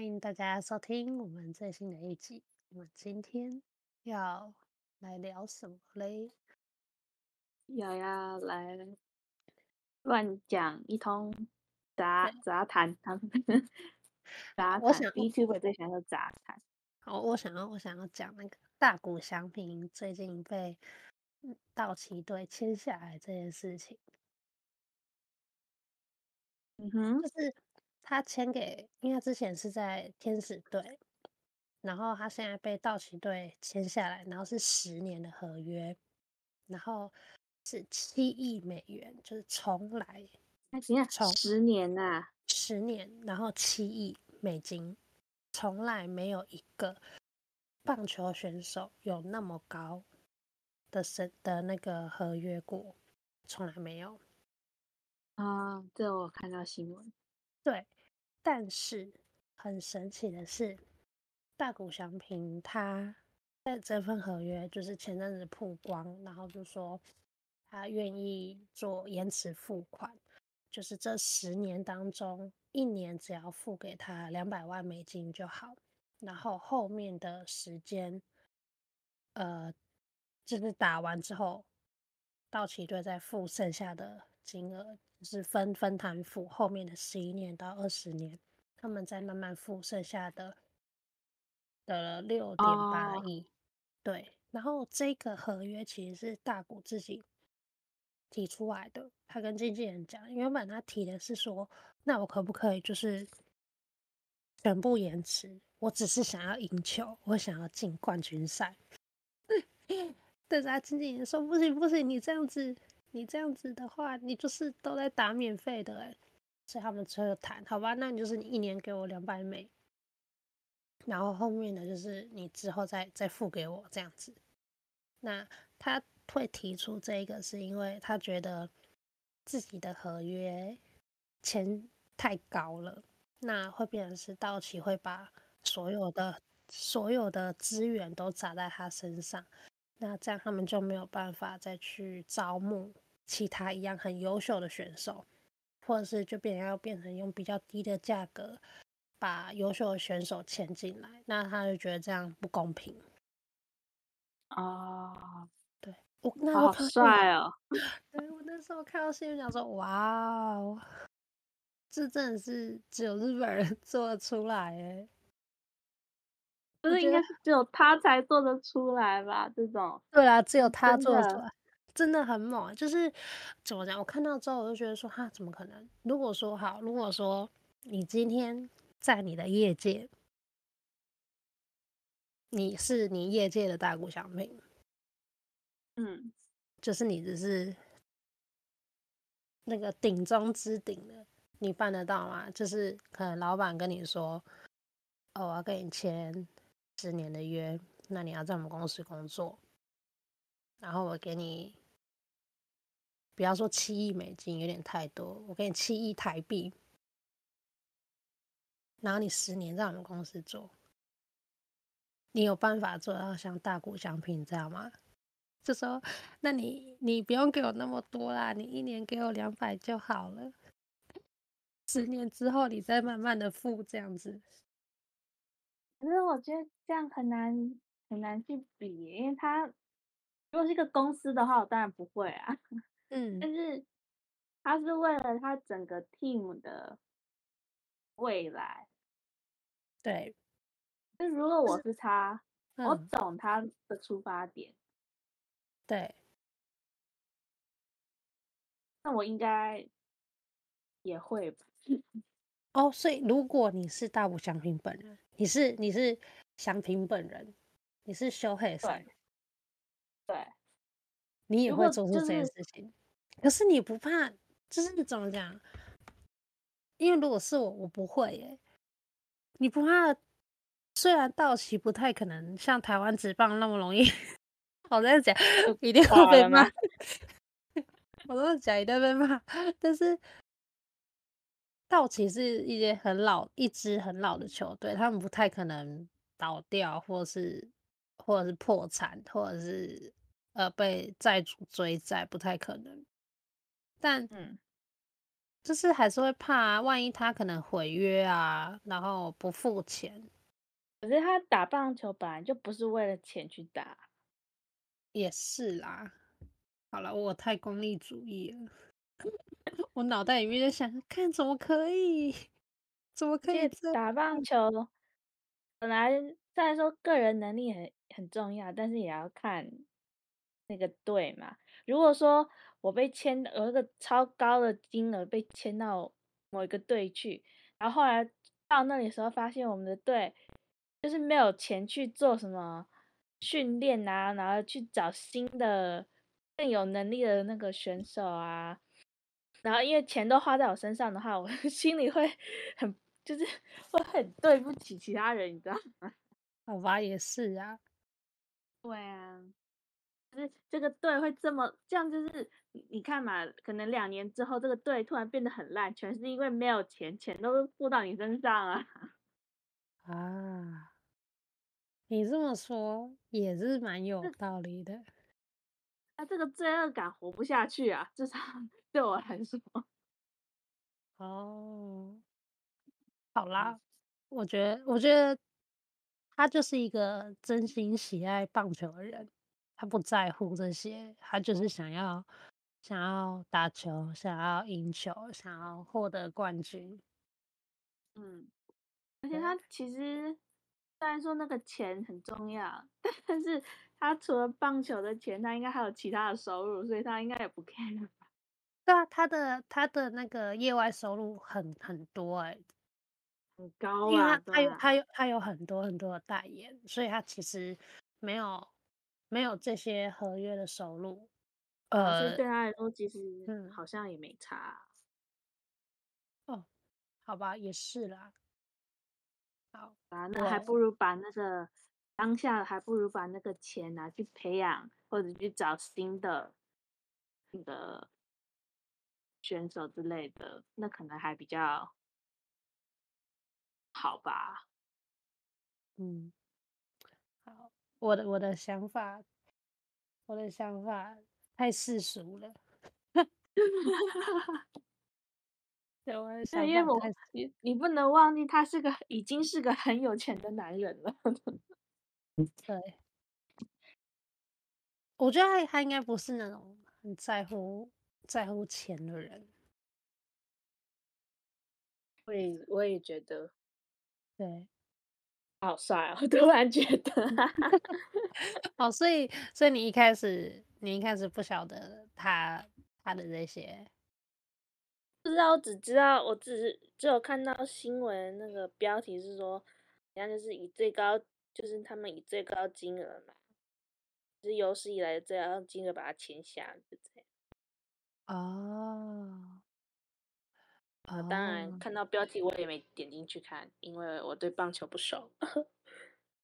歡迎大家收聽我們最新的一集。我們今天要來聊什麼嘞？要要來亂講一通雜雜談，哈雜我想 YouTube 最喜歡的雜談。哦，我想要，我想要講那個大谷翔平最近被道奇隊簽下來這件事情。嗯哼。就是。他簽給，因為他之前是在天使隊，然後他現在被道奇隊簽下來，然後是十年的合約，然後是七億美元，就是從來，還行、哎、從啊，從十年吶，十年，然後七億美金，從來沒有一個棒球選手有那麼高的薪的那個合約過，從來沒有。啊、哦，這我看到新聞，對。但是很神奇的是，大谷翔平他在這份合約就是前陣子曝光，然後就說他願意做延遲付款，就是這十年當中一年只要付給他兩百萬美金就好，然後後面的時間，呃，就是打完之後，道奇隊再付剩下的。金額是分分攤付，後面的十一年到二十年，他們在慢慢付剩下的的六點八億。Oh. 對，然後這個合約其實是大谷自己提出來的，他跟經紀人講，原本他提的是說，那我可不可以就是全部延遲？我只是想要贏球，我想要進冠軍賽。 但是他、啊、經紀人說，不行不行，你這樣子。你這樣子的話，你就是都在打免費的哎，所以他們只有談，好吧，那你就是你一年給我兩百美，然後後面呢，就是你之後再再付給我這樣子。那他會提出這個，是因為他覺得自己的合約錢太高了，那會變成是道奇會把所有的所有的資源都砸在他身上，那這樣他們就沒有辦法再去招募，其他一樣很優秀的選手，或者是就變要變成用比較低的價格把優秀的選手簽進來，那他就覺得這樣不公平。啊，oh, 對，我那好帥哦！哎，我那時候看到新聞，想說哇，這真的是只有日本人做出來耶。不是應該是只有他才做得出來吧？這種對啊，只有他做出來。出真的很猛，就是怎麼講？我看到之後，我就覺得說，哈，怎麼可能？如果說好，如果說你今天在你的業界，你是你業界的大谷翔平。嗯，就是你只是那個頂中之頂的，你辦得到嗎？就是可能老闆跟你說，哦，我要跟你簽十年的約，那你要在我們公司工作，然後我給你。比方說七億美金有點太多，我給你七億台幣，然後你十年在我們公司做，你有辦法做到像大谷翔平這樣嗎？就說，那你你不用給我那麼多啦，你一年給我兩百就好了，十年之後你再慢慢的付這樣子。可是我覺得這樣很難很難去比，因為他如果是一個公司的話，我當然不會啊。嗯，但是他是為了他整個 team 的未來，對。那如果我是他，嗯、我懂他的出發點，對。那我應該也會吧。哦，所以如果你是大谷翔平、嗯、平本人，你是你是翔平本人，你是 Shohei，對，你也會做出這件事情。可是你不怕，就是你怎麼講？因為如果是我，我不會耶。你不怕？雖然道奇不太可能像台灣職棒那麼容易， 我這樣講一定會被罵。 我都講一定會被罵，但是道奇是一些很老一支很老的球隊，他們不太可能倒掉，或者是或者是破產，或者是呃被債主追債，不太可能。但嗯，就是還是會怕，萬一他可能毀約啊，然後不付錢。可是他打棒球本來就不是為了錢去打，也是啦。好了，我太功利主義了， 我腦袋裡面在想，看怎麼可以，怎麼可以打棒球。本來雖然說個人能力很很重要，但是也要看那個隊嘛。如果說。我被簽，有一個超高的金額被簽到某一個隊去，然後後來到那裡的時候，發現我們的隊就是沒有錢去做什麼訓練啊，然後去找新的更有能力的那個選手啊，然後因為錢都花在我身上的話，我心裡會很就是會很對不起其他人，你知道嗎？好吧，也是啊，對啊。就這個隊會這麼這樣，就是你看嘛，可能兩年之後這個隊突然變得很爛，全是因為沒有錢，錢都付到你身上啊。啊，你這麼說也是蠻有道理的。他這個罪惡感活不下去啊，至少對我來說。哦，好啦，我覺得，我覺得他就是一個真心喜愛棒球的人。他不在乎這些，他就是想要想要打球，想要贏球，想要獲得冠軍。嗯，而且他其實雖然說那個錢很重要，對但是他除了棒球的錢，他應該還有其他的收入，所以他應該也不 care 了，對啊，他的他的那個業外收入很很多哎、欸，很高啊，他有他有他有很多很多的代言，所以他其實沒有。沒有這些合約的收入，呃，啊、對他來說其實好像也沒差、嗯、哦。好吧，也是啦。好吧、啊、那還不如把那個、哦、當下，還不如把那個錢拿去培養，或者去找新的那個選手之類的，那可能還比較好吧。嗯。我的我的想法，我的想法太世俗了。對， 因為我你你不能忘記，他是個已經是個很有錢的男人了。 對，我覺得他他應該不是那種很在乎在乎錢的人。我也我也覺得，對。好帥、哦、我突然覺得， 哦，所以，所以你一開始，你一開始不曉得他他的這些，不知道，我只知道，我只只有看到新聞那個標題是說，人家就是以最高，就是他們以最高金額嘛，就是有史以來最高金額把它簽下，就這樣，哦。啊，當然看到標題我也沒點進去看，哦、因為我對棒球不熟。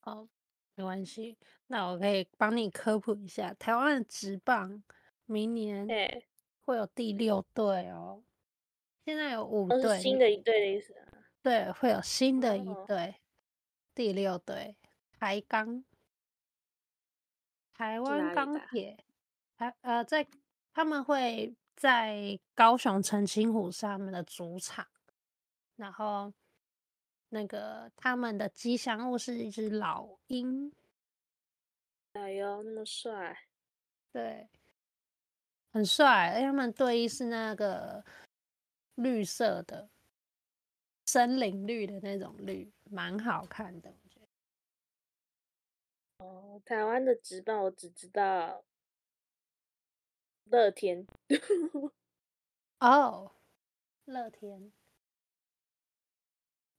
哦，沒關係，那我可以幫你科普一下，台灣的職棒明年對會有第六隊哦，對現在有五隊，新的一隊的意思、啊。對，會有新的一隊，哦、第六隊，台鋼，台灣鋼鐵，台、啊、呃，在他們會。在高雄澄清湖上面的主場，然後那個他們的吉祥物是一隻老鷹。哎呦，那麼帥！對，很帥。而他們隊衣是那個綠色的，森林綠的那種綠，蠻好看的。我覺得。哦，台灣的職棒，我只知道。樂天哦，樂樂天，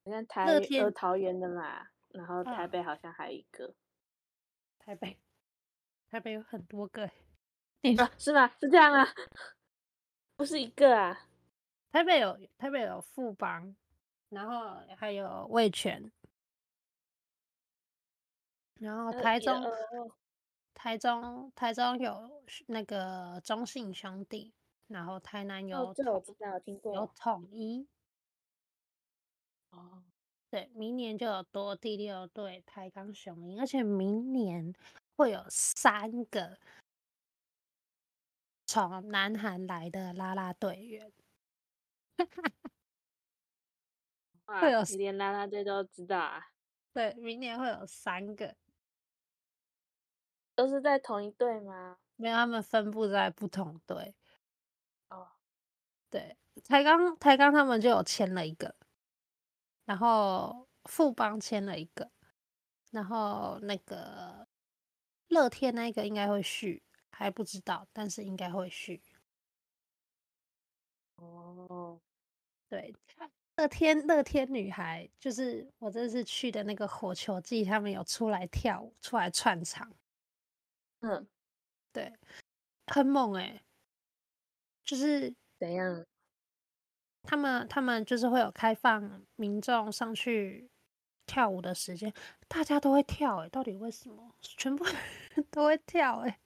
好、 oh, 天像台樂天桃園的嘛，樂天 oh. 然後台北好像還有一個，台北，台北有很多個，你說是嗎？ 是這樣啊， 不是一個啊，台北有台北有富邦，然後還有味全，然後台中。樂台中，台中有那個中信兄弟，然後台南有、哦、這我知道聽過有統一哦，對，明年就有多第六隊台鋼雄鷹，而且明年會有三個從南韓來的啦啦隊員， 哇會有時間拉拉隊都知道啊，對，明年會有三個。都是在同一隊嗎？沒有，他們分佈在不同隊。哦，對，台鋼台鋼他們就有簽了一個，然後富邦簽了一個，然後那個樂天那個應該會續，還不知道，但是應該會續。哦，對，樂天樂天女孩就是我這次去的那個火球祭，他們有出來跳舞，出來串場。嗯，對，很猛哎、欸，就是怎樣？他們他們就是會有開放民眾上去跳舞的時間，大家都會跳誒、欸，到底為什麼？全部 都會跳誒、欸。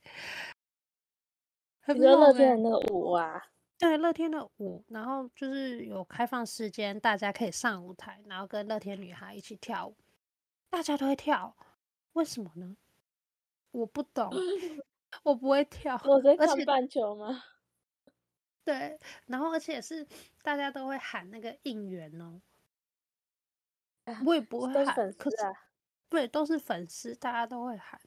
是不是樂天的舞啊？對、欸，樂天的舞，然後就是有開放時間，大家可以上舞台，然後跟樂天女孩一起跳舞，大家都會跳，為什麼呢？我不懂，我不會跳， 而且，我在看棒球嗎？對，然後而且是大家都會喊那個應援哦、喔，我也不會喊，啊啊、是對，都是粉絲，大家都會喊，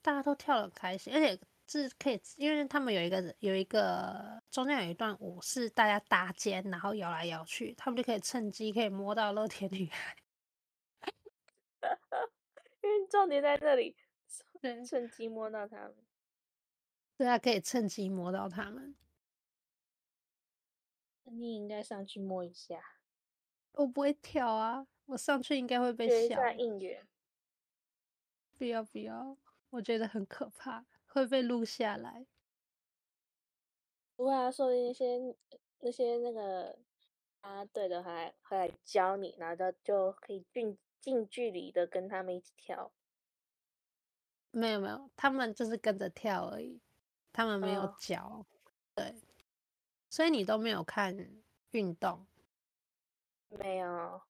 大家都跳得開心，而且是可以，因為他們有一個有一個中間有一段舞是大家搭肩，然後搖來搖去，他們就可以趁機可以摸到樂天女孩， 因為重點在這裡。趁機摸到他們，對啊，可以趁機摸到他們。那你應該上去摸一下。我不會跳啊，我上去應該會被笑。應援。不要不要，我覺得很可怕，會被錄下來。不會啊，說一些那些那些那個啊，對的，還還來教你，然後就，就可以並近，近距離的跟他們一起跳。沒有沒有，他們就是跟着跳而已，他們沒有腳，oh. 對，所以你都沒有看運動？沒有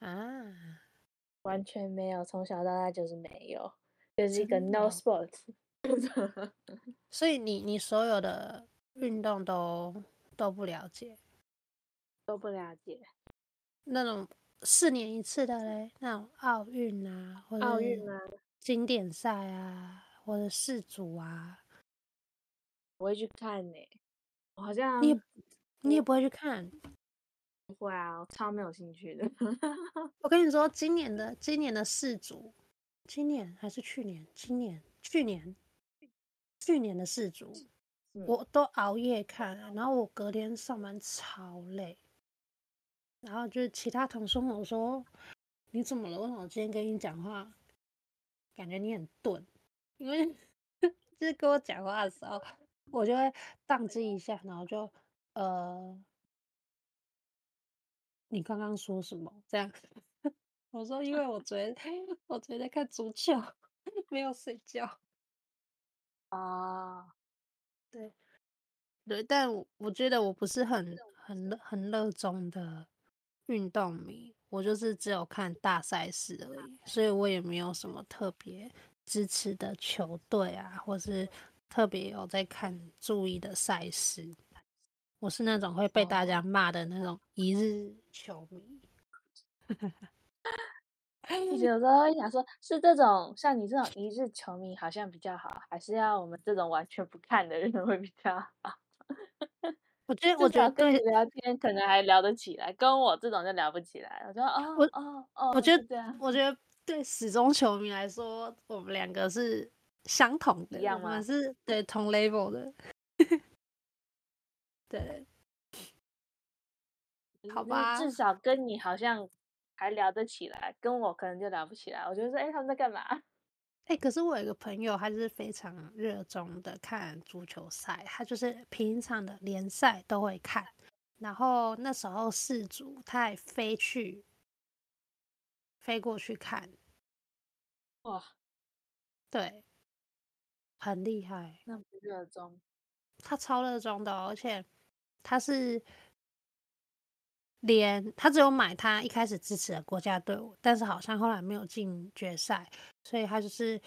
啊，完全沒有，從小到大就是沒有，就是一個 no sports， 所以你你所有的運動都都不了解？都不了解，了解那種四年一次的嘞，那種奧運啊，或者奧運啊。經典賽啊，或者世足啊，我會去看呢、欸。我好像你也我你也不會去看，不會啊，我超沒有興趣的。 我跟你說今，今年的今年的世足，今年還是去年？今年？去年？去年的世足，是我都熬夜看，啊，嗯、然後我隔天上班超累。然後就是其他同事跟我說：“你怎麼了？”為什麼今天跟你講話感覺你很鈍，因為就是跟我講話的時候，我就會宕機一下，然後就呃，你剛剛說什麼？這樣？ 我說，因為我昨天，我昨天在看足球，沒有睡覺。啊， uh, 對，對，但我覺得我不是很很很熱衷的運動迷。我就是只有看大賽事而已，所以我也沒有什麼特別支持的球隊啊，或是特別有在看注意的賽事。我是那種會被大家罵的那種一日球迷。有時候會想說，是這種像你這種一日球迷好像比較好，還是要我們這種完全不看的人會比較好？ 我覺得，跟你我覺得對聊天，可能還聊得起來，跟我這種就聊不起來。我覺得，哦，哦哦，我覺得對啊，我覺得對死忠球迷來說，我們兩個是相同的，一樣嗎？是對同 level 的，對， 對好吧。至少跟你好像還聊得起來，跟我可能就聊不起來。我覺得說，哎、欸，他們在幹嘛？哎、欸，可是我有一個朋友，他是非常熱衷的看足球賽，他就是平常的聯賽都會看，然後那時候世足，他也飛去飛過去看，哇，對，很厲害，那麼熱衷，他超熱衷的，哦，而且他是連他只有買他一開始支持的國家隊伍，但是好像後來沒有進決賽。所以他就是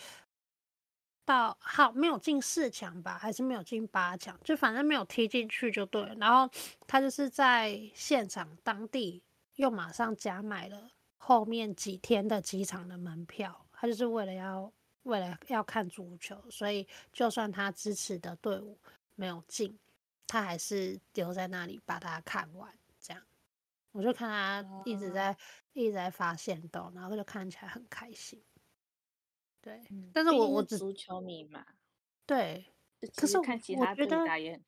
到，好，沒有進四強吧，還是沒有進八強，就反正沒有踢進去就對了。然後他就是在現場當地又馬上加買了後面幾天的幾場的門票，他就是為了要為了要看足球，所以就算他支持的隊伍沒有進，他還是留在那裡把它看完。這樣，我就看他一直在、oh. 一直在發限動，然後他就看起來很開心。對，但是我我只足球迷嘛。對，其實可是我覺得，看其他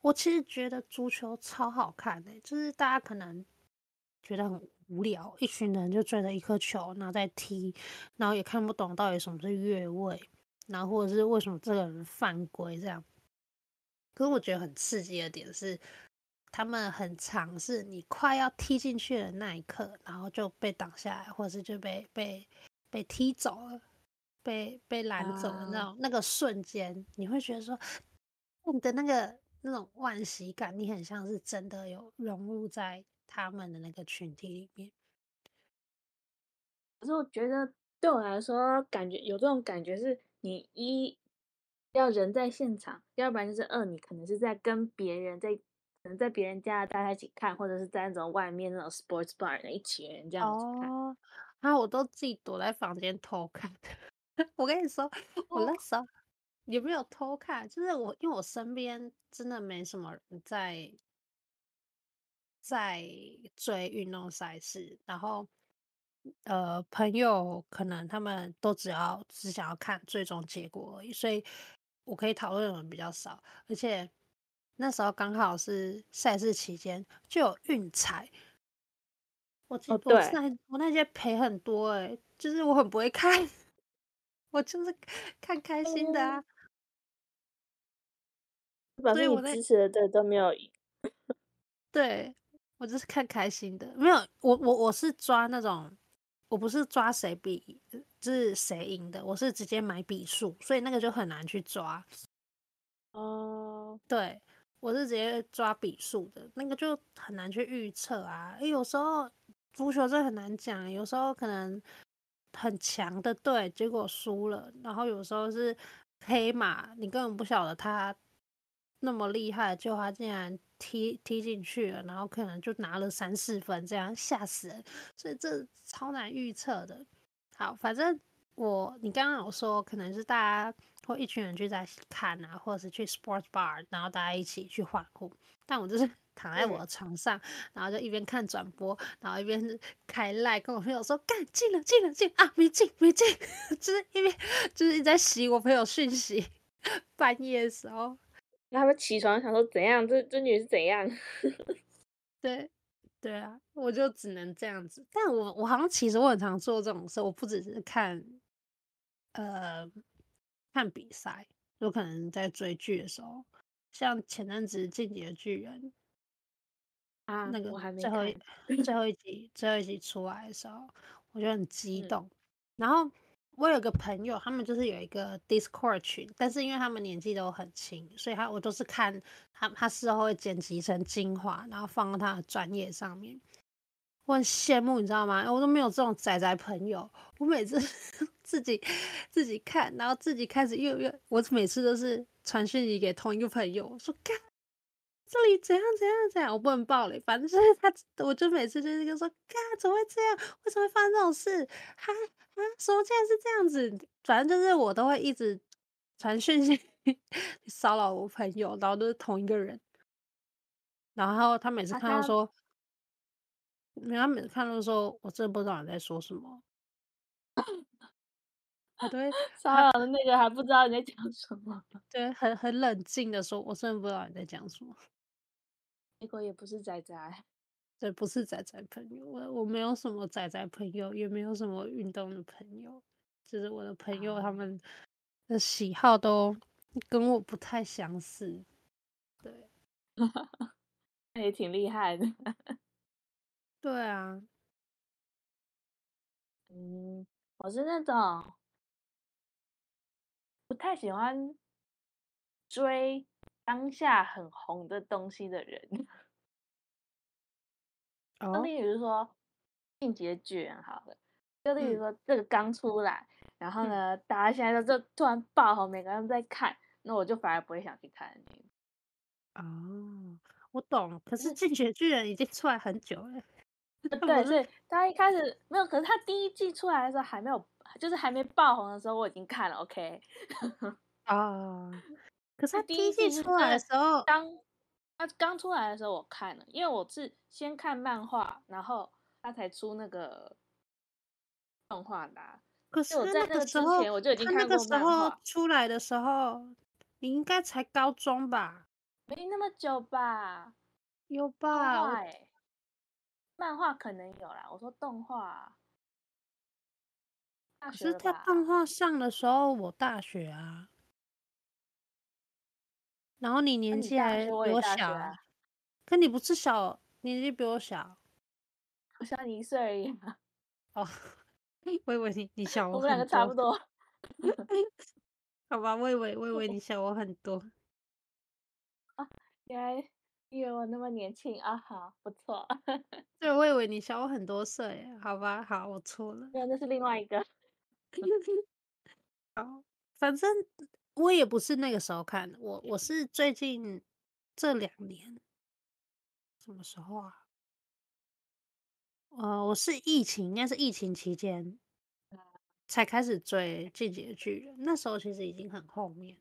我其實覺得足球超好看的欸，就是大家可能覺得很無聊，一群人就追着一顆球，然後在踢，然後也看不懂到底什麼是越位，然後或者是為什麼這個人犯規這樣。可是我覺得很刺激的點是，他們很嘗試你快要踢進去的那一刻，然後就被擋下來，或者是就被被被踢走了。被被攔走的那種、uh, 那個瞬間，你會覺得說，你的那個那種惋惜感，你很像是真的有融入在他們的那個群體裡面。可是我覺得對我來說，感覺有這種感覺是，你一要人在現場，要不然就是二，你可能是在跟別人在，可能在別人家大家一起看，或者是在那種外面那種 sports bar 的一起人這樣子看。哦、oh, 啊，我都自己躲在房間偷看的。 我跟你說，我那時候有沒有偷看？就是我，因為我身邊真的沒什麼人在在追運動賽事，然後呃，朋友可能他們都只要只想要看最終結果而已，所以我可以討論的人比較少。而且那時候剛好是賽事期間，就有運彩，我我那、哦、對、我那些賠很多哎、欸，就是我很不會看。我就是看開心的啊，所以我在對都沒有贏。對，我就是看開心的，沒有，我我我是抓那種，我不是抓誰比，就是誰贏的，我是直接買比數，所以那個就很難去抓。哦，對，我是直接抓比數的，那個就很難去預測啊，有時候足球這很難講，有時候可能。很強的隊，結果輸了。然後有時候是黑馬，你根本不曉得他那麼厲害，就他竟然踢踢進去了，然後可能就拿了三四分，這樣嚇死人。所以這超難預測的。好，反正我你剛剛有說，可能是大家。或一群人聚在看啊，或者是去 sports bar，然後大家一起去歡呼。但我就是躺在我的床上，對然後就一邊看轉播，然後一邊開賴、like，跟我朋友說：“幹，進了，進了，進啊，沒進，沒進。 ”就是一邊就是一直在洗我朋友訊息，半夜的時候，那他們起床想說怎樣？這這女是怎樣？ 對，對啊，我就只能這樣子。但我我好像其實我很常做這種事，我不只是看，呃。看比賽，有可能在追劇的時候，像前陣子《進擊的巨人》啊，那個最後一，我還沒看 最後一集最後一集出來的時候，我就很激動。嗯、然後我有個朋友，他們就是有一個 Discord 群，但是因為他們年紀都很輕，所以他我都是看他他事後會剪輯成精華，然後放到他的專業上面。我很羨慕你知道嗎？我都沒有這種宅宅朋友。我每次 自己自己看，然後自己開始又又，我每次都是傳訊息給同一個朋友，說：“嘎，這裡怎樣怎樣怎樣，我不能報嘞。”反正就是他，我就每次就是跟他說：“嘎，怎麼會這樣？為什麼會發生這種事？哈啊，什麼竟然是這樣子？反正就是我都會一直傳訊息 騷擾我朋友，然後都是同一個人。然後他每次看到說。” 人家每次看到的時候，我真的不知道你在說什麼。 對，騷擾的那個還不知道你在講什麼。對，很很冷靜的說，我真的不知道你在講什麼。結果、欸、也不是仔仔。對，不是仔仔朋友，我我沒有什麼仔仔朋友，也沒有什麼運動的朋友。就是我的朋友，他們的喜好都跟我不太相似。對，那 也挺厲害的。對啊，嗯，我是那種不太喜歡追當下很紅的東西的人。就、哦、例如說《進擊的巨人》好了，就例如說這個剛出來，嗯、然後呢，大家現在就，就突然爆紅， 每個人在看，那我就反而不會想去看你。哦，我懂。可是《進擊的巨人》已經出來很久了。嗯 對，所以他一開始沒有，可是他第一季出來的時候還沒有，就是還沒爆紅的時候，我已經看了。OK， 啊，可是他第一季出來的時候，剛，他剛出來的時候，時候我看了，因為我是先看漫畫，然後他才出那個動畫的。可是那,我在那之前我就已經看過漫畫。出來的時候，你應該才高中吧？沒那麼久吧？有吧？漫畫可能有啦，我說動畫、啊。可是他動畫上的時候，我大學啊。然後你年紀還比我小，可你，、啊、你不是小，年紀比我小。我小你一歲而已嘛。哦，oh, 我以為你你小我，我們兩個差不多。 好吧，我以為，我以為你小我很多。啊，原來。因為我那麼年輕啊，好，不錯。 對，我以為你小我很多歲，好吧，好，我錯了。對，那是另外一個。 好，反正我也不是那個時候看的，我我是最近這兩年，什麼時候啊？呃，我是疫情，應該是疫情期間才開始追這幾部劇，那時候其實已經很後面。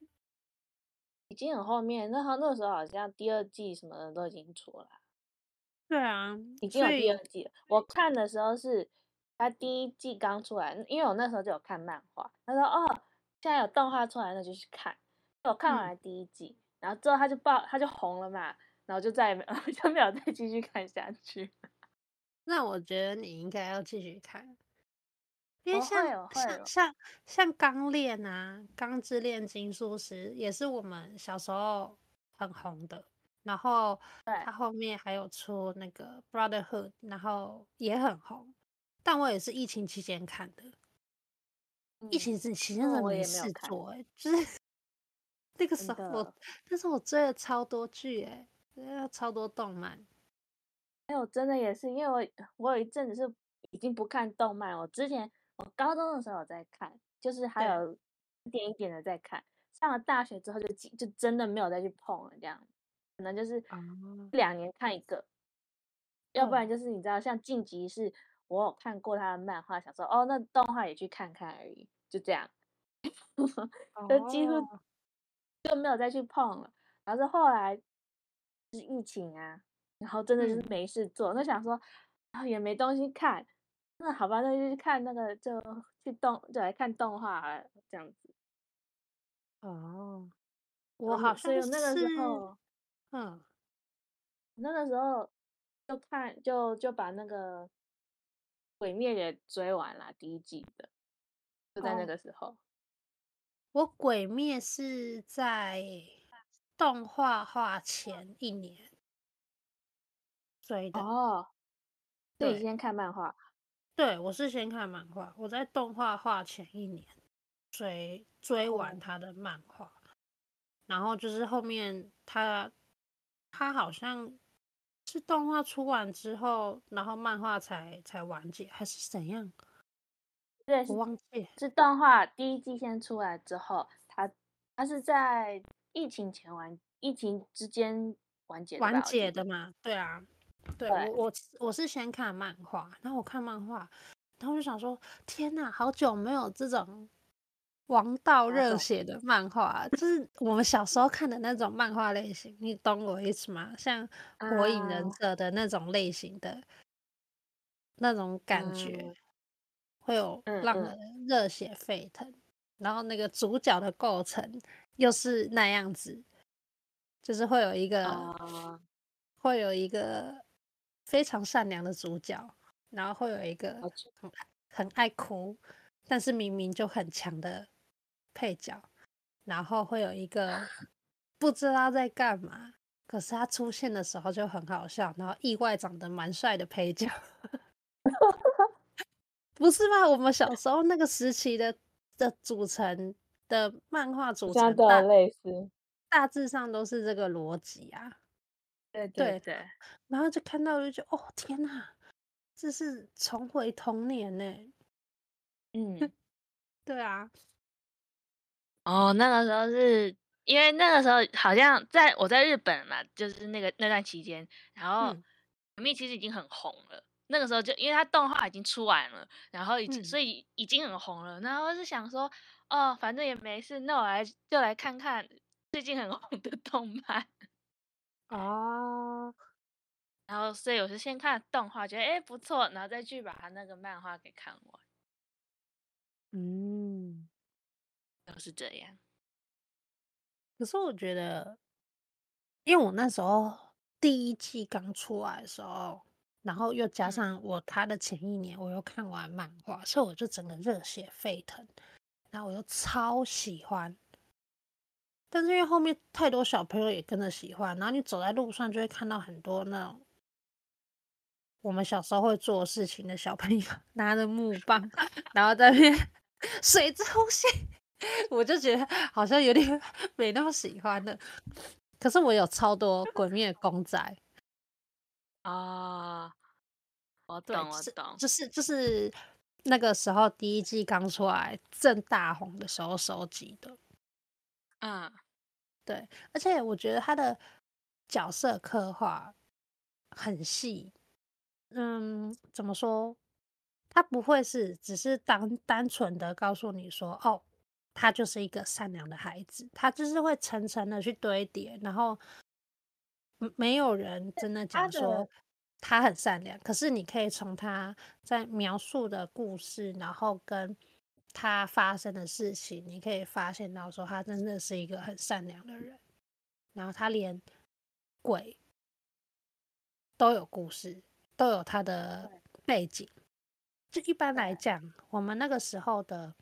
已經很後面，那他那個時候好像第二季什麼的都已經出了，對啊，已經有第二季了。是我看的時候是他第一季剛出來，因為我那時候就有看漫畫，他說哦，現在有動畫出來，那就去看。我看完了第一季，嗯、然後之後他就爆，他就紅了嘛，然後就再也沒 就沒有再繼續看下去。那我覺得你應該要繼續看。因為像像像像鋼煉啊，鋼之煉金術師也是我們小時候很紅的。然後，對，他後面還有出那個 Brotherhood，然後也很紅。但我也是疫情期間看的，疫情疫情期間人沒事做，就是那個時候，但是我追了超多劇，哎，超多動漫。沒有，真的也是，因為我我有一陣子是已經不看動漫，我之前。高中的時候有在看，就是還有一點一點的在看。對上了大學之後就就真的沒有再去碰了，這樣可能就是兩年看一個，嗯、要不然就是你知道，像《進擊》是我有看過他的漫畫，想說哦，那動畫也去看看而已，就這樣， 就幾乎就沒有再去碰了。然後是後來是疫情啊，然後真的是沒事做，那、嗯、想說，然後也沒東西看。那好吧，那就去看那個，就去動，就來看動畫這樣子。哦，我好像，啊，所以那個時候，嗯，那個時候就看，就就把那個《鬼滅》也追完了第一季的，就在那個時候。哦，我《鬼滅》是在動畫化前一年追的哦，今天對，先看漫畫。對，我是先看漫畫，我在動畫化前一年追追完他的漫畫，哦、然後就是後面他他好像是動畫出完之後，然後漫畫才才完結，還是怎樣？對，我忘記是，是動畫第一季先出來之後，他他是在疫情前完，疫情之間完結的完結的嘛？對啊。對，對我我我是先看漫畫，然後我看漫畫，然後我就想說，天哪，好久沒有這種王道熱血的漫畫，嗯、就是我們小時候看的那種漫畫類型，你懂我意思嗎？像《火影忍者》的那種類型的、嗯、那種感覺，會有讓人熱血沸騰，嗯嗯、然後那個主角的構成又是那樣子，就是會有一個，嗯、會有一個。非常善良的主角，然後會有一個很愛哭，但是明明就很強的配角，然後會有一個不知道在幹嘛，可是他出現的時候就很好笑，然後意外長得蠻帥的配角， 不是嗎？我們小時候那個時期的 的組成的漫畫組成，的類似大，大致上都是這個邏輯啊。對對對，對，然後就看到了，就哦，天吶，這是重回童年呢。嗯， 對啊。哦，那個時候是因為那個時候好像在我在日本嘛，就是那個那段期間，然後米、嗯、其實已經很紅了。那個時候就因為它動畫已經出完了，然後已經、嗯、所以已經很紅了。然後是想說，哦，反正也沒事，那我來就來看看最近很紅的動漫。哦，然後所以我是先看動畫，覺得哎、欸、不錯，然後再去把他那個漫畫給看完。嗯，就是這樣。可是我覺得，因為我那時候第一季剛出來的時候，然後又加上我他的前一年我又看完漫畫，所以我就整個熱血沸騰，然後我又超喜歡。但是因為後面太多小朋友也跟着喜歡，然後你走在路上就會看到很多那種我們小時候會做事情的小朋友拿着木棒， 然後在那邊水之呼吸，我就覺得好像有點沒那麼喜歡的。可是我有超多鬼滅公仔啊！Uh, 我懂，就是、我懂，就是就是那個時候第一季剛出來正大紅的時候收集的。啊，嗯、對，而且我覺得他的角色刻畫很細，嗯，怎麼說？他不會是只是單單純的告訴你說，哦，他就是一個善良的孩子，他就是會層層的去堆疊，然後沒有人真的講說他很善良，可是你可以從他在描述的故事，然後跟他發生的事情，你可以發現到說他真的是一個很善良的人，然後他連鬼都有故事，都有他的背景。就一般來講，我們那個時候的，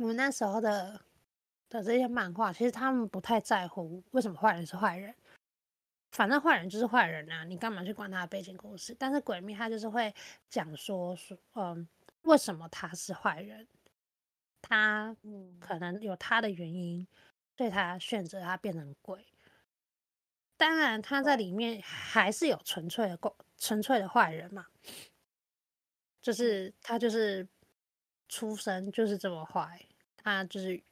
我們那時候的的這些漫畫，其實他們不太在乎為什麼壞人是壞人，反正壞人就是壞人啊，你幹嘛去管他的背景故事？但是鬼滅他就是會講說說，嗯。為什麼他是壞人？他可能有他的原因，嗯、對，他選擇他變成鬼。當然，他在裡面還是有純粹的對、純粹的壞人嘛，就是他就是出生就是這麼壞，他就是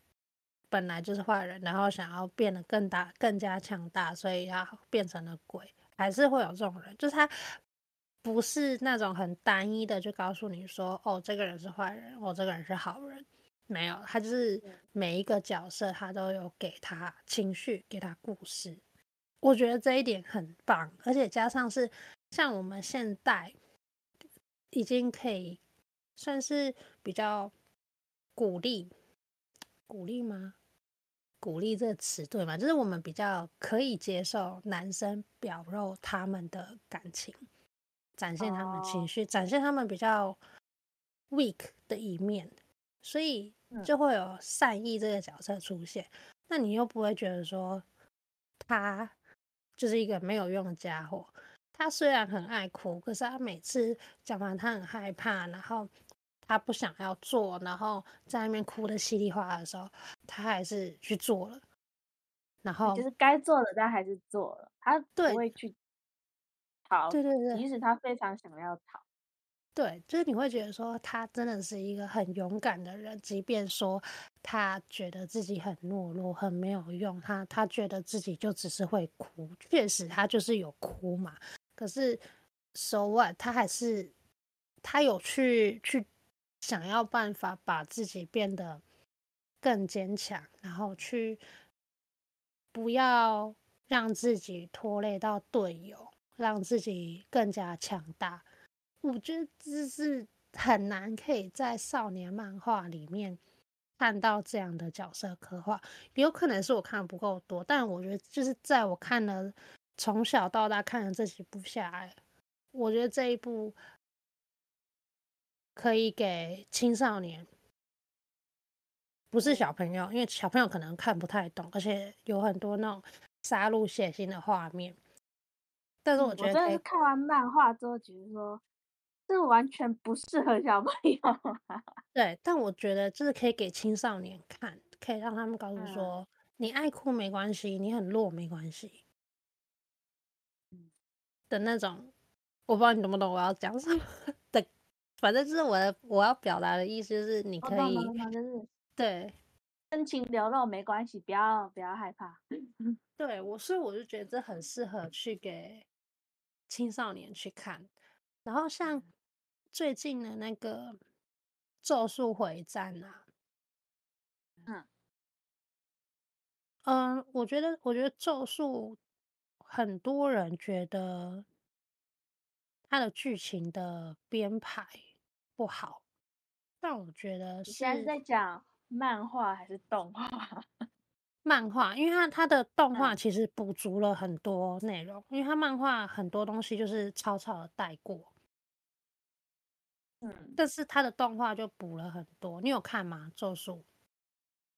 本來就是壞人，然後想要變得更大，更加強大，所以他變成了鬼，還是會有這種人，就是他。不是那種很單一的，就告訴你說，哦，這個人是壞人，我、哦、這個人是好人，沒有，他就是每一個角色，他都有給他情緒，給他故事。我覺得這一點很棒，而且加上是像我們現代已經可以算是比較鼓勵鼓勵嗎？鼓勵這個詞，對嗎？就是我們比較可以接受男生表露他們的感情。展現他們情緒，oh. 展現他們比較 weak 的一面，所以就會有善意這個角色出現。那、嗯、你又不會覺得說他就是一個沒有用的家伙？他雖然很愛哭，可是他每次講完他很害怕，然後他不想要做，然後在那邊哭的稀里嘩啦的時候，他還是去做了。然後就是該做的，但還是做了。他不會去對。好，對對對，即使他非常想要逃，對，就是你會覺得說他真的是一個很勇敢的人，即便說他覺得自己很懦弱、很沒有用，他他覺得自己就只是會哭，確實他就是有哭嘛，可是，so what，他還是他有去去想要辦法把自己變得更堅強，然後去不要讓自己拖累到隊友。讓自己更加強大，我覺得這是很難可以在少年漫畫裡面看到這樣的角色刻畫。有可能是我看的不夠多，但我覺得就是在我看了從小到大看了這幾部下來，我覺得這一部可以給青少年，不是小朋友，因為小朋友可能看不太懂，而且有很多那種殺戮血腥的畫面。但是我覺得看完漫畫之後，就是說，這完全不適合小朋友。對，但我覺得就是可以給青少年看，可以讓他們告訴說，你愛哭沒關係，你很弱沒關係。嗯。的那種，我不知道你懂不懂我要講什麼的，反正就是我的我要表達的意思就是，你可以，對，真情流露沒關係，不要不要害怕。對我，所以我就覺得這很適合去給。青少年去看，然後像最近的那個《咒術迴戰》啊，嗯、呃、我覺得，我覺得《咒術》很多人覺得它的劇情的編排不好，但我覺得是，你現在是在講漫畫還是動畫？漫畫，因為他他的動畫其實補足了很多內容，嗯、因為他漫畫很多東西就是草草的帶過，嗯，但是他的動畫就補了很多。你有看嗎？咒術？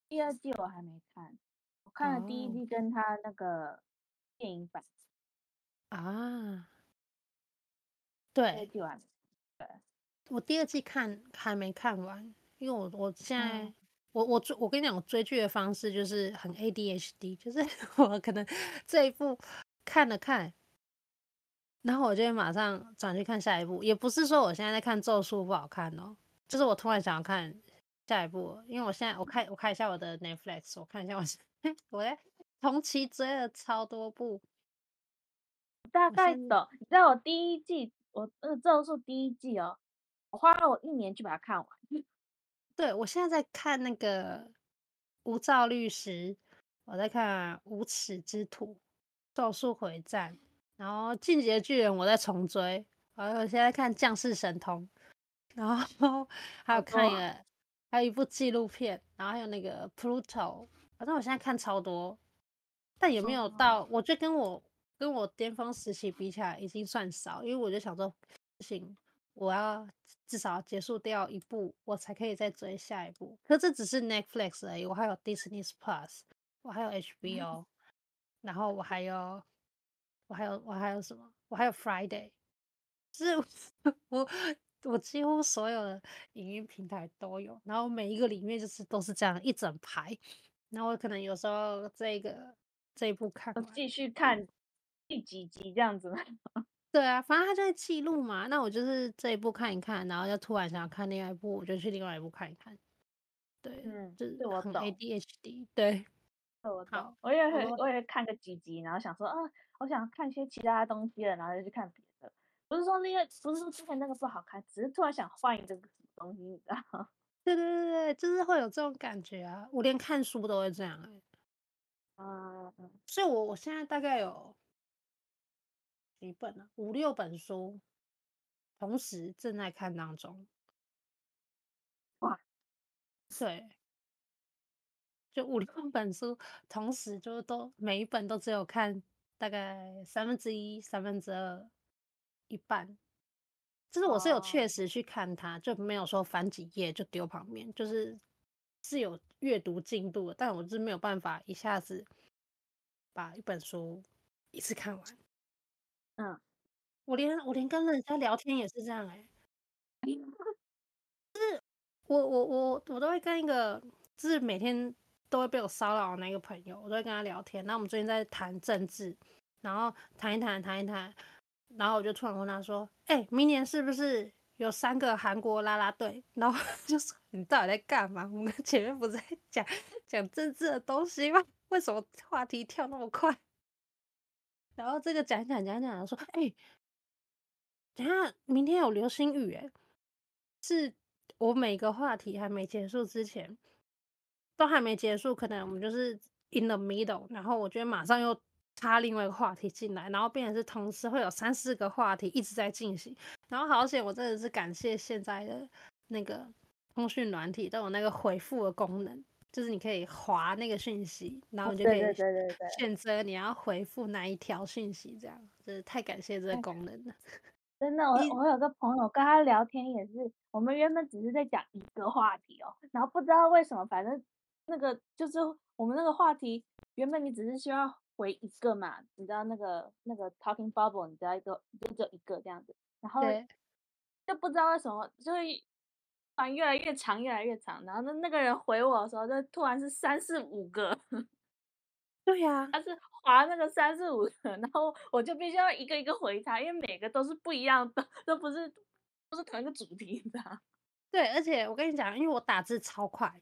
第二季我還沒看，我看了第一季跟他那個電影版、哦、啊，對，第二季完對，我第二季看還沒看完，因為我我現在。嗯我我追我跟你講，我追劇的方式就是很 ADHD，就是我可能這一部看了看，然後我就會馬上轉去看下一部。也不是說我現在在看《咒術》不好看哦，就是我突然想要看下一部，因為我現在我看我看一下我的 Netflix，我看一下我喂，我同期追了超多部，大概懂。我先你知道我第一季我嗯《咒術》第一季哦，我花了我一年去把它看完。對我現在在看那個《無照律師》，我在看《無恥之徒》，《咒術回戰》，然後《進擊的巨人》，我在重追。還我現在,在看《降世神通》，然後 還有看一個，啊、還有一部紀錄片，然後還有那個 Pluto。反正我現在看超多，但有沒有到，我覺得跟我跟我巔峰時期比起來已經算少，因為我就想說，不行。我要至少要結束掉一部，我才可以再追下一部。可，這只是 Netflix 而已，我還有 Disney Plus，我還有 HBO，、嗯、然後我還有，我還有，我還有什麼？我還有 Friday，是我，我幾乎所有的影音平台都有。然後每一個裡面就是都是這樣一整排。然後我可能有時候這個這一部看，看，繼續看第幾集這樣子 對啊，反正他就在記錄嘛。那我就是這一部看一看，然後就突然想要看另外一部，我就去另外一部看一看。對，嗯，就很 ADHD，是我懂。ADHD，對，好我懂。我也很，我也看個幾集，然後想說啊，我想看一些其他的東西了，然後就去看別的。不是說那個，不是說之前那個不好看，只是突然想換一個東西，你知道嗎？對對對對，就是會有這種感覺啊。我連看書都會這樣哎、欸。啊、嗯，所以我我現在大概有。幾本了、啊？五六本書同時正在看當中。哇，對，就五六本書同時就都每一本都只有看大概三分之一、三分之二、一半。就是我是有確實去看它，哦、就沒有說翻幾頁就丟旁邊，就是是有閱讀進度的，但我是沒有辦法一下子把一本書一次看完。嗯，我，我連我連跟人家聊天也是這樣，哎、欸，就是、嗯、我我我我都會跟一個就是每天都會被我騷擾的那個朋友，我都會跟他聊天。那我們最近在談政治，然後談一談，談一談，然後我就突然問他說，哎、欸，明年是不是有三個韓國啦啦隊？然後就說你到底在幹嘛？我們前面不是在講講政治的東西嗎？為什麼話題跳那麼快？然後這個講講講講說，哎、欸，等下明天有流星雨，誒，是我每個話題還沒結束之前，都還沒結束，可能我們就是 in the middle，然後我覺得馬上又插另外一個話題進來，然後變成是同時會有三四個話題一直在進行，然後好險，我真的是感謝現在的那個通訊軟體都有那個回復的功能。就是你可以滑那個訊息，然後就可以選擇你要回復哪一條訊息，這樣，真是太感謝這個功能了。真的，我我有個朋友跟他聊天也是，你我們原本只是在講一個話題哦，然後不知道為什麼，反正那個就是我們那個話題，原本你只是需要回一個嘛，你知道那個那個 talking bubble，你知道一個，就只有一個這樣子，然後就不知道為什麼，就會對。所以越來越長，越來越長。然後那那個人回我的時候，就突然是三四五個。對呀，啊，他是滑那個三四五個，然後我就必須要一個一個回他，因為每個都是不一樣的，都不是都是同一個主題的啊。對，而且我跟你講，因為我打字超快。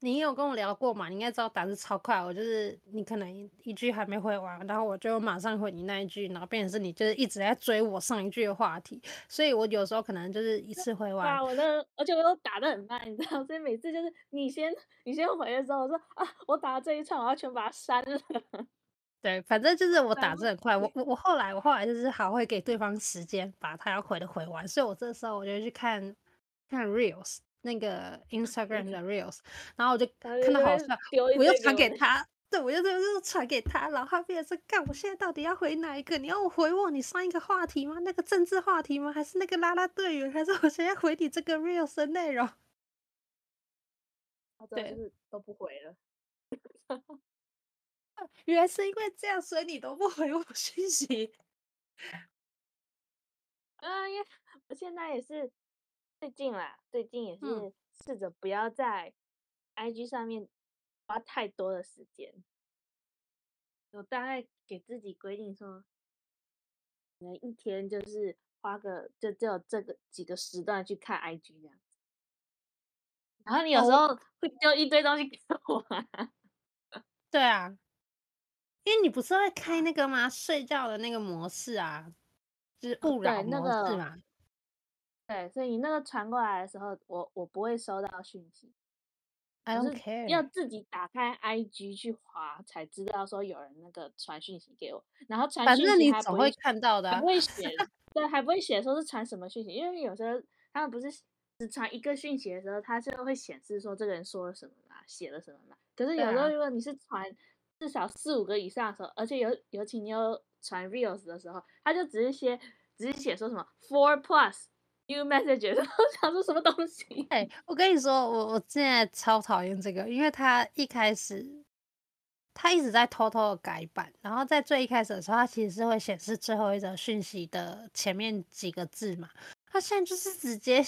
你有跟我聊過嘛？你應該知道，打字超快。我就是你可能一,一句還沒回完，然後我就馬上回你那一句，然後變成是你就是一直在追我上一句的話題。所以我有時候可能就是一次回完，啊、我的，而且我都打的很慢，你知道，所以每次就是你先你先回的時候，我說啊，我打到這一串，我要全把它刪了。對，反正就是我打字很快。對我我我後來我後來就是好會給對方時間，把他要回的回完。所以我這時候我就去看看 reels。那個 Instagram 的 Reels，然後我就看到好像，丟一丟一丟，我又傳給他，丟丟對，我又又又傳給他，然後他也是看我現在到底要回哪一個？你要我回我你上一個話題嗎？那個政治話題嗎？還是那個啦啦隊員？還是我現在回你這個 Reels 的內容？對，都不回了。原來是因為這樣，所以你都不回我信息。哎呀，我現在也是。最近啦，最近也是試着不要在 I G 上面花太多的時間。我、嗯、大概給自己規定說，可能一天就是花個，就只有這個幾個時段去看 I G 這樣。然後你有時候會丟一堆東西給我。對啊，因為你不是會開那個嗎？睡覺的那個模式啊，就是勿擾模式嘛。對，所以你那個傳過來的時候，我我不會收到訊息，就是要自己打開 I G 去滑才知道說有人那個傳訊息給我，然後傳訊息不反正你總會看到的、啊， 還不會寫，對，還不會寫說是傳什麼訊息，因為有時候他們不是只傳一個訊息的時候，他就會顯示說這個人說了什麼嘛、啊，寫了什麼嘛、啊。可是有時候如果你是傳至少四五個以上的時候，而且尤尤其你有傳 reels 的時候，他就只是寫，只是寫說什麼 four plus。New message，然後想說什麼東西？哎，hey, 我跟你說，我我現在超討厭這個，因為他一開始他一直在偷偷的改版，然後在最一開始的時候，他其實是會顯示最後一則訊息的前面幾個字嘛。他現在就是直接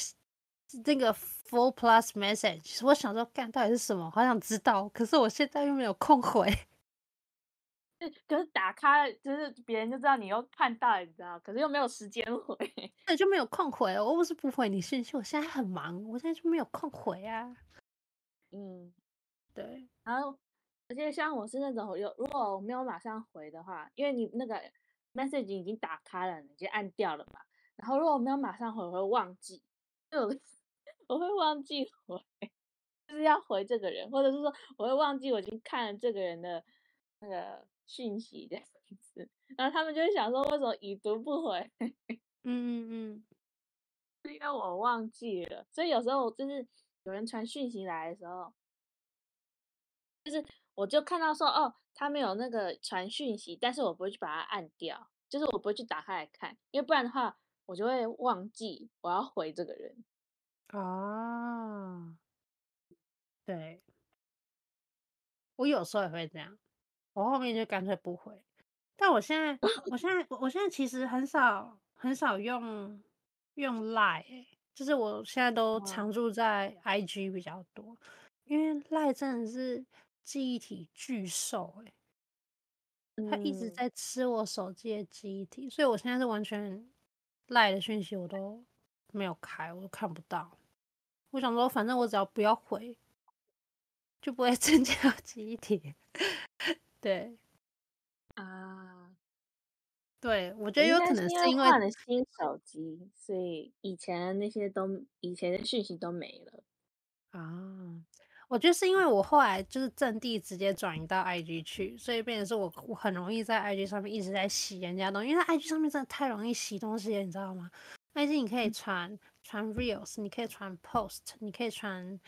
那個 four plus message，我想說，幹到底是什麼？好想知道，可是我現在又沒有空回。可是打開，就是別人就知道你又看到了，你知道？可是又沒有時間回，那、欸、就沒有空回了。我不是不回你信息，我現在很忙，我現在就沒有空回啊。嗯，對。然後，而且像我是那種有，如果我沒有馬上回的話，因為你那個 message 已經打開了，你就按掉了嘛。然後，如果我沒有馬上回，我會忘記，就我，我會忘記回，就是要回這個人，或者是說我會忘記我已經看了這個人的那個。訊息的，然後他們就會想說，為什麼已讀不回？嗯嗯，是、嗯、因為我忘記了，所以有時候就是有人傳訊息來的時候，就是我就看到說哦，他們有那個傳訊息，但是我不會去把它按掉，就是我不會去打開來看，因為不然的話，我就會忘記我要回這個人啊。對，我有時候也會這樣。我後面就乾脆不回，但我現在，我現在，我現在其實很少很少用用賴，欸、就是我現在都常住在 IG 比較多，因為賴真的是記憶體巨獸，欸，他一直在吃我手機的記憶體，所以我現在是完全賴的訊息我都沒有開，我都看不到。我想說，反正我只要不要回，就不會增加記憶體。對，啊，uh, 對，我覺得有可能是因為換了新手機，所以以前那些都以前的訊息都沒了。啊，uh, 我覺得是因為我後來就是陣地直接轉移到 IG 去，所以變成是我，我很容易在 IG 上面一直在洗人家的東西，因為 IG 上面真的太容易洗東西了，你知道嗎？IG 你可以傳傳、嗯、reels，你可以傳 post，你可以傳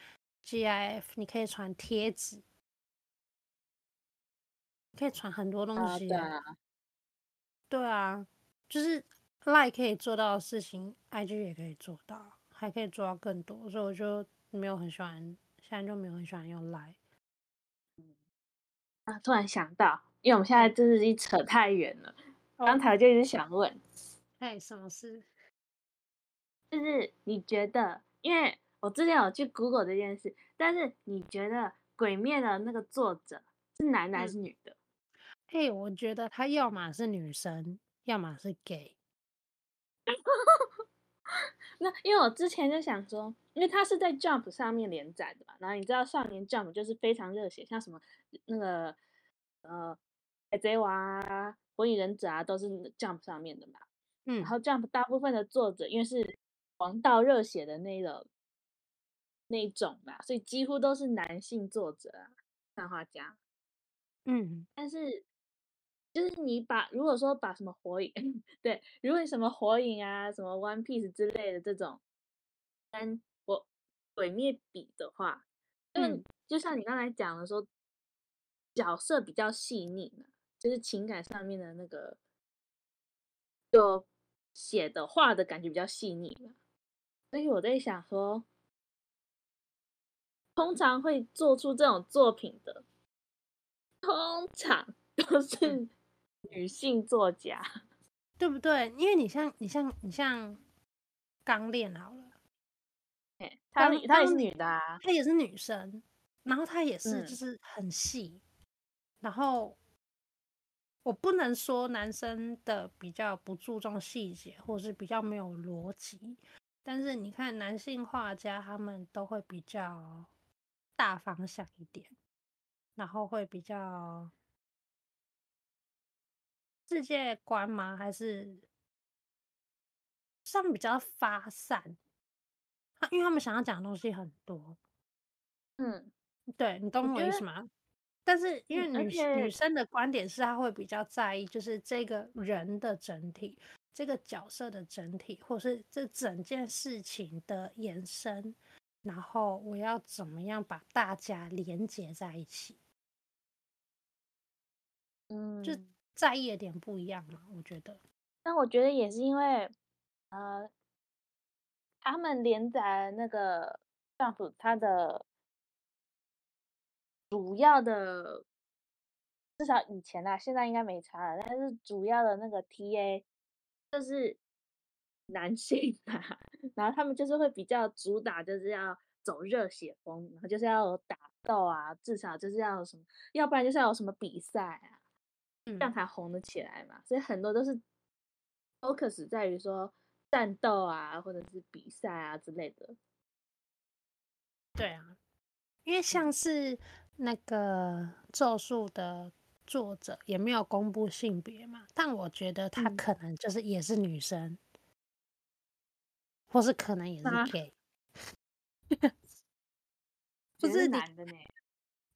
GIF，你可以傳貼紙。可以傳很多東西、欸，對啊，就是賴、like、可以做到的事情，IG 也可以做到，還可以做到更多，所以我就沒有很喜歡，現在就沒有很喜歡用賴、like。啊，突然想到，因為我們現在就是一扯太遠了。剛、oh. 才我就一直想問，哎，hey, 什麼事？就是你覺得，因為我之前有去 Google 這件事，但是你覺得《鬼滅》的那個作者是男的還是女的？嗯嘿，hey, 我覺得他要麼是女生，要麼是 gay。 那因為我之前就想說，因為他是在 Jump 上面連載的嘛，然後你知道少年 Jump 就是非常熱血，像什麼那個呃海賊王啊、火影忍者啊，都是 Jump 上面的嘛。嗯，然後 Jump 大部分的作者因為是王道熱血的那種那種嘛，所以幾乎都是男性作者、啊、漫畫家。嗯，但是。就是你把如果說把什麼火影，對，如果你什麼火影啊、什麼 One Piece 之類的這種，跟我鬼滅比的話，嗯，就像你剛才講的說，角色比較細膩嘛，就是情感上面的那個，就寫的話的感覺比較細膩嘛。所以我在想說，通常會做出這種作品的，通常都是。 女性作家，對不對？因為你像你像你像剛練好了，她她也是女的、啊，她也是女生，然後她也是就是很細。嗯、然後我不能說男生的比較不注重細節，或者是比較沒有邏輯，但是你看男性畫家，他們都會比較大方向一點，然後會比較。世界觀嗎？還是上面比較發散、啊？因為他們想要講的東西很多。嗯，對，你懂我意思嗎？但是因為女 Okay. 女生的觀點是，她會比較在意，就是這個人的整體，這個角色的整體，或是這整件事情的延伸。然後我要怎麼樣把大家連接在一起？嗯，就。在意的點不一樣嘛？我覺得，但我覺得也是因為，呃，他們連載的那個丈夫他的主要的，至少以前啊，現在應該沒差了。但是主要的那個 TA，就是男性啊，然後他們就是會比較主打，就是要走熱血風，然後就是要打鬥啊，至少就是要什麼，要不然就是要有什麼比賽啊。讓他紅了起來嘛，嗯、所以很多都是 focus 在於說戰鬥啊，或者是比賽啊之類的。對啊，因為像是那個咒術的作者也沒有公布性別嘛，但我覺得他可能就是也是女生，嗯、或是可能也是 gay，不、啊、 是男的呢。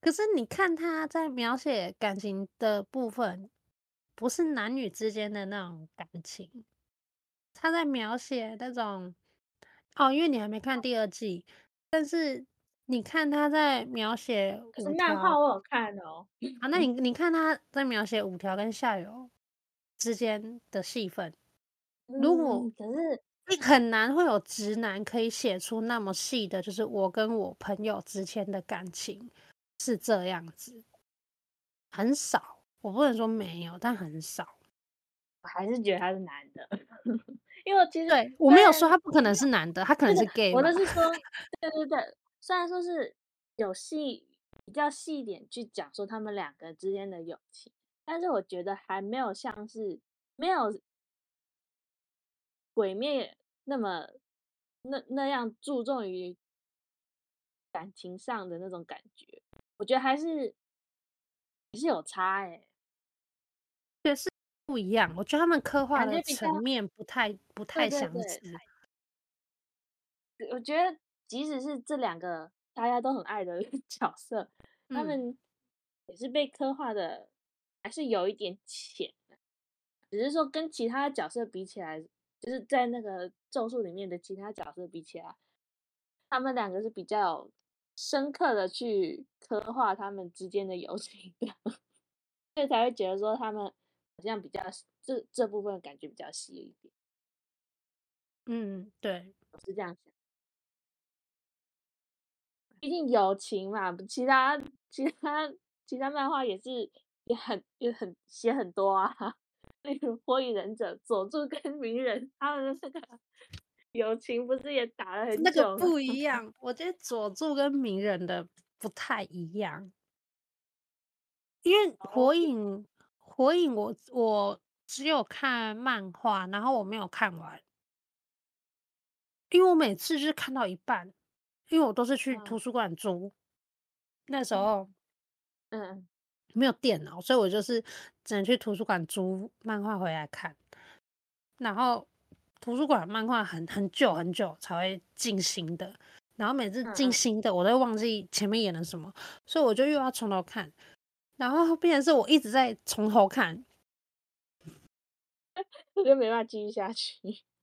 可是你看他在描寫感情的部分，不是男女之間的那種感情，他在描寫那種，哦，因為你還沒看第二季，但是你看他在描寫五條，可是漫畫我有看哦，啊，那你你看他在描寫五條跟夏油之間的戲份，如果可是你很難會有直男可以寫出那麼細的，就是我跟我朋友之間的感情。是這樣子，很少。我不能說沒有，但很少。我還是覺得他是男的，因為我其實我沒有說他不可能是男的，他可能是 gay。我都是說，對對對。雖然說是有細比較細一點去講述他們兩個之間的友情，但是我覺得還沒有像是沒有《鬼滅》那麼那那樣注重於感情上的那種感覺。我覺得還是還是有差，哎、欸，可是不一樣。我覺得他們刻畫的層面不太不太相似。我覺得即使是這兩個大家都很愛的角色，他們也是被刻畫的還是有一點淺的，嗯、只是說跟其他角色比起來，就是在那個咒術裡面的其他角色比起來，他們兩個是比較深刻的去刻畫他們之間的友情，所以才會覺得說他們好像比較這這部分感覺比較細一點。嗯，對，是這樣想。畢竟友情嘛，其他其他其他漫畫也是也很也很寫很多啊，例如《火影忍者》佐助跟鳴人他們的這、那個。友情不是也打了很久了那個不一樣， 我覺得佐助跟鳴人的不太一樣，因為火影，火影我我只有看漫畫，然後我沒有看完，因為我每次就是看到一半，因為我都是去圖書館租，那時候，嗯嗯，沒有電腦，所以我就是只能去圖書館租漫畫回來看，然後。圖書館漫畫很很久很久才會進新的，然後每次進新的，我都忘記前面演了什麼，嗯、所以我就又要從頭看，然後變成是我一直在從頭看，我就沒辦法繼續下去。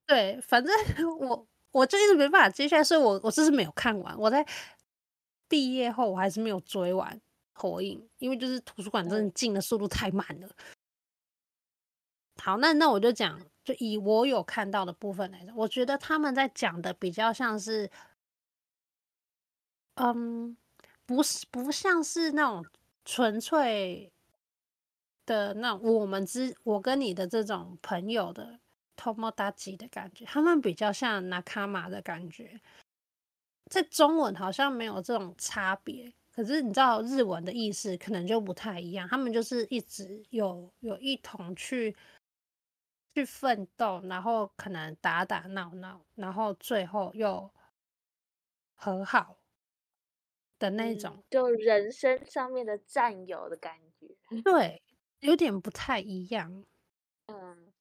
對，反正我我就一直沒辦法接下來，所以我我就是沒有看完，我在畢業後我還是沒有追完《火影》，因為就是圖書館真的進的速度太慢了。對好，那那我就講。就以我有看到的部分來講，我覺得他們在講的比較像是，嗯，不是不像是那種純粹的那種我們之我跟你的這種朋友的 Tomodachi 的感覺，他們比較像 Nakama 的感覺，在中文好像沒有這種差別，可是你知道日文的意思可能就不太一樣，他們就是一直有有一同去。去奮鬥，然後可能打打鬧鬧，然後最後又和好的那種、嗯，就人生上面的戰友的感覺。對，有點不太一樣。嗯，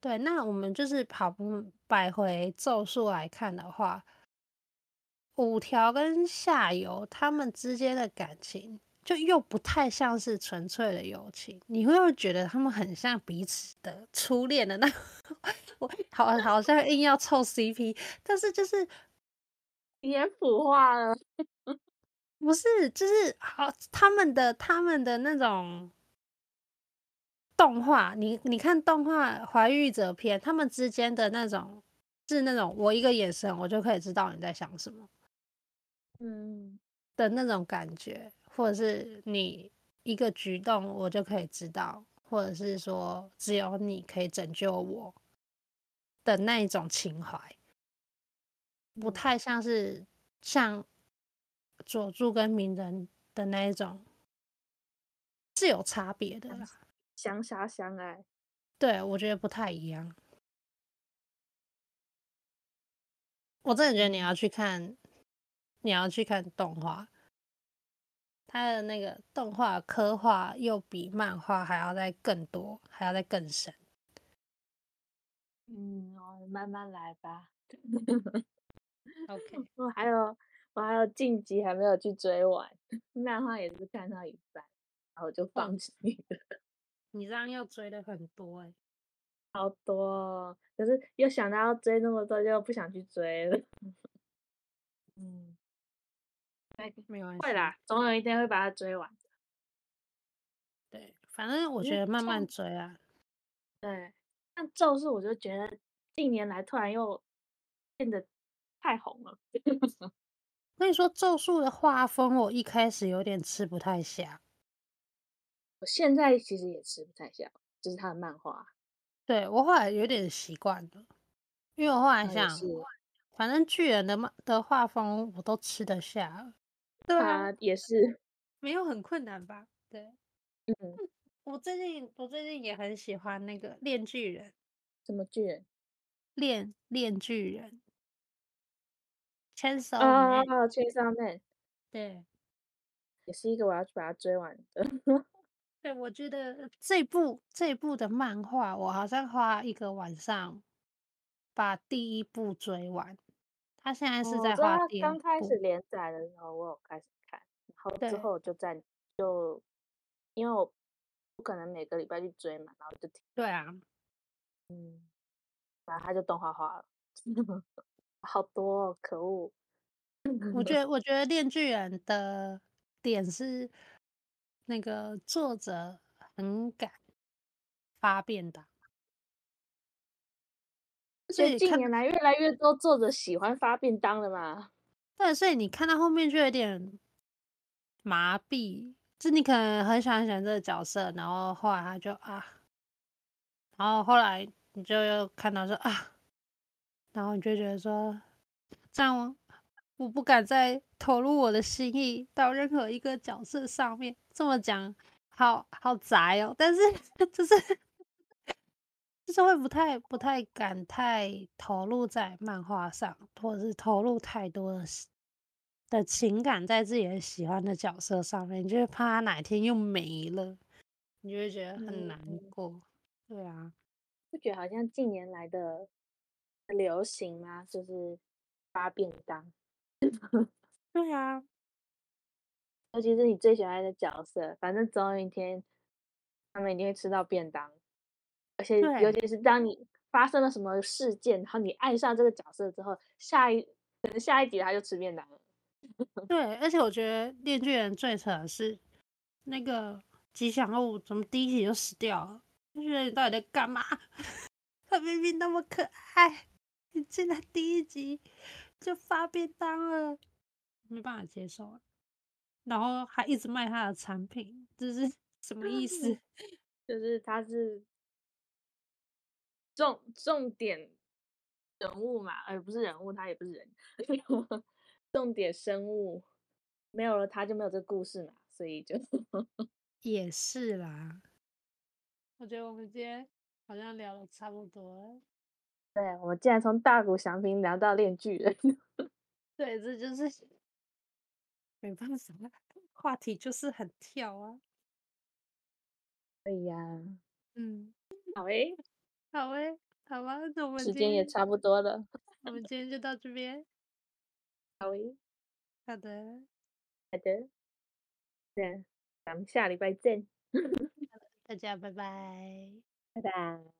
對。那我們就是跑步、擺回咒術來看的話，五條跟夏油他們之間的感情，就又不太像是純粹的友情，你會，不不會覺得他們很像彼此的初戀的那，好好像硬要湊 CP，但是就是臉譜化了，不是，就是好他們的他們的那種動畫，你你看動畫《懷玉者篇》，他們之間的那種是那種我一個眼神我就可以知道你在想什麼，嗯的那種感覺。或者是你一個舉動，我就可以知道，或者是說只有你可以拯救我的那一種情懷，不太像是像佐助跟鳴人的那一種，是有差別的啦。相殺相愛，想想欸、對，我覺得不太一樣。我真的覺得你要去看，你要去看動畫。他的那個動畫刻畫又比漫畫還要再更多，還要再更深。嗯，慢慢來吧。 OK，我還有我還有晉級還沒有去追完，漫畫也是看到一半，然後我就放棄了、哦。你這樣要追的很多哎、欸，好多、哦，可、就是又想到要追那麼多，就不想去追了。 嗯。欸、沒關係，會啦，總有一天會把它追完。對，反正我覺得慢慢追啊、嗯。對，但咒術我就覺得近年來突然又變得太紅了。所 跟你說，咒術的畫風我一開始有點吃不太下，我現在其實也吃不太下，就是他的漫畫。對我後來有點習慣了，因為我後來想，反正巨人的漫的畫風我都吃得下。對啊，也是，沒有很困難吧？對，嗯，我最近我最近也很喜歡那個《鏈鋸人》，什麼鋸人？鏈鏈鋸人 Chainsaw Man。啊，Chainsaw Man。對，也是一個我要去把它追完的。 對，我覺得這部這部的漫畫，我好像花一個晚上把第一部追完。他現在是在畫，剛、哦、開始連載的時候，我有開始看，然後之後就在對就，因為我不可能每個禮拜去追嘛，然後就停。對啊。嗯。然後他就動畫化了。 好多、哦，可惡。 我覺得，我覺得《電鋸人》的點是那個作者很敢發便當。所以近年來越來越多作者喜歡發便當了嘛？對，所以你看到後面就有點麻痹，就是你可能很喜歡很喜歡這個角色，然後後來他就啊，然後後來你就又看到說啊，然後你就覺得說這樣我不敢再投入我的心意到任何一個角色上面，這麼講好好宅哦，但是就是。就是會不太不太敢太投入在漫畫上，或者是投入太多的，的情感在自己喜歡的角色上面，你就會怕他哪天又沒了，你就會覺得很難過。嗯、對啊，不覺得好像近年來的流行嗎？就是發便當。 對啊，尤其是你最喜歡的角色，反正總有一天他們一定會吃到便當。而且，尤其是當你發生了什麼事件，對然後你愛上這個角色之後，下一可能下一集他就吃便當了。對， 而且我覺得《電鋸人》最扯的是那個吉祥物，怎麼第一集就死掉了？就覺得你到底在幹嘛？ 他明明那麼可愛，你竟然第一集就發便當了，沒辦法接受了。然後還一直賣他的產品，這是什麼意思？ 就是他是。重重點人物嘛，而不是人物，他也不是人， 重點生物沒有了，他就沒有這個故事嘛，所以就也是啦。 我覺得我們今天好像聊得差不多了。對，我們竟然從大谷翔平聊到進擊的巨人 ，對，這就是沒辦法，話題就是很跳啊。對呀，嗯，好誒、欸。好耶，好吧，那我們今天時間也差不多了， 我們今天就到這邊。好耶耶，好的，好的，對，咱們下禮拜見。 大家拜拜，拜拜。